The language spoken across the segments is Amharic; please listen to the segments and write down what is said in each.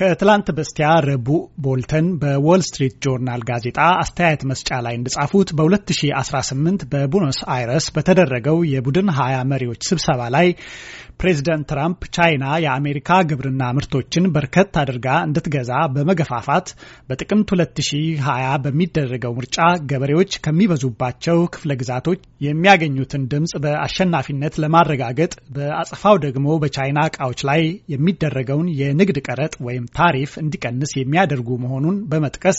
ከትላንት በስቲያ ረቡዕ ቦልተን በዎል ስትሪት ጆርናል ጋዜጣ አስተያየት መስጫ ላይ እንደጻፉት በ2018 በቡኖስ አይረስ በተደረገው የቡድን ሀያ መሪዎች ስብሰባ ላይ ፕሬዚደንት ትራምፕ ቻይና የአሜሪካ ግብርና ምርቶችን በርከት አድርጋ እንድትገዛ በመገፋፋት በጥቅምት 2020 በሚደረገው ምርጫ ገበሬዎች ከሚበዙባቸው ክፍለ ግዛቶች የሚያገኙትን ድምፅ በአሸናፊነት ለማረጋገጥ በአጽፋው ደግሞ በቻይና እቃዎች ላይ የሚደረገውን የንግድ ቀረጥ ወይም ታሪፍ እንዲቀንስ የሚያደርጉ መሆኑን በመጥቀስ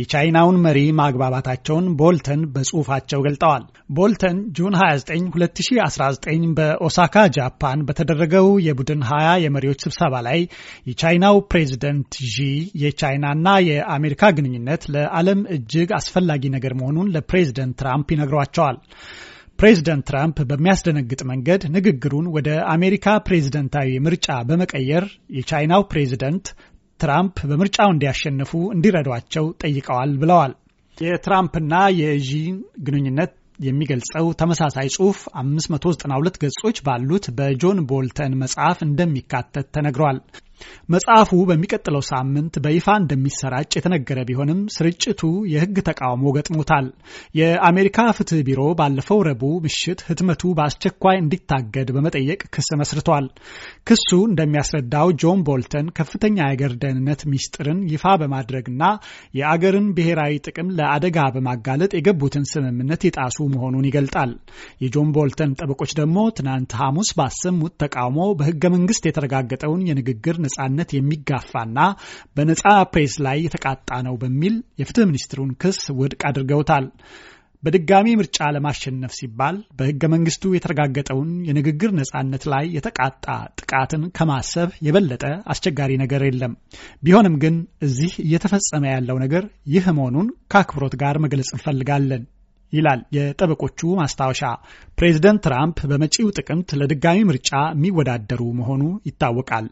የቻይናውን መሪ ማግባባታቸውን ቦልተን በጽሁፋቸው ገልጠዋል። ቦልተን ጁን 29 2019 በኦሳካ ጃፓን በተደረገው የቡድን 20 የመሪዎች ስብሰባ ላይ የቻይናው ፕሬዚደንት ዢ የቻይናና የአሜሪካ ግንኙነት ለዓለም እጅግ አስፈላጊ ነገር መሆኑን ለፕሬዚደንት ትራምፕ ይነግሯቸዋል። ፕሬዝደንት ትራምፕ በሚያስደነግጥ መንገድ ንግግሩን ወደ አሜሪካ ፕሬዝደንታዊ ምርጫ በመቀየር የቻይናው ፕሬዝደንት ትራምፕ በምርጫው እንዲያሸንፉ እንዲረዷቸው ጠይቀዋል ብለዋል። የትራምፕና የዢ ግንኙነት የሚገልጸው ተመሳሳይ ጽሑፍ 592 ገጾች ባሉት በጆን ቦልተን መጽሐፍ እንደሚካተት ተነግሯል። መጽሐፉ በሚቀጥለው ሳምንት በይፋ እንደሚሰራጭ የተነገረ ቢሆንም ስርጭቱ የሕግ ተቃውሞ ገጥሞታል። የአሜሪካ ፍትህ ቢሮ ባለፈው ረቡዕ ምሽት ህትመቱ በአስቸኳይ እንዲታገድ በመጠየቅ ክስ መስርቷል። ክሱ እንደሚያስረዳው ጆን ቦልተን ከፍተኛ የአገር ደህንነት ሚስጥርን ይፋ በማድረግና የአገርን ብሔራዊ ጥቅም ለአደጋ በማጋለጥ የገቡትን ስምምነት የጣሱ መሆኑን ይገልጣል። የጆን ቦልተን ጠበቆች ደግሞ ትናንት ሐሙስ ባሰሙት ተቃውሞ በህገ መንግስት የተረጋገጠውን የንግግር ነጻነት የሚጋፋና በነጻ ፕሬስ ላይ የተቃጣ ነው በሚል የፍትህ ሚኒስትሩን ክስ ውድቅ አድርገውታል። በድጋሚ ምርጫ ለማሸነፍ ሲባል በህገ መንግስቱ የተረጋገጠውን የንግግር ነጻነት ላይ የተቃጣ ጥቃትን ከማሰብ የበለጠ አስቸጋሪ ነገር የለም። ቢሆንም ግን እዚህ እየተፈጸመ ያለው ነገር ይህ መሆኑን ከአክብሮት ጋር መግለጽ እንፈልጋለን ይላል የጠበቆቹ ማስታወሻ። ፕሬዚደንት ትራምፕ በመጪው ጥቅምት ለድጋሚ ምርጫ የሚወዳደሩ መሆኑ ይታወቃል።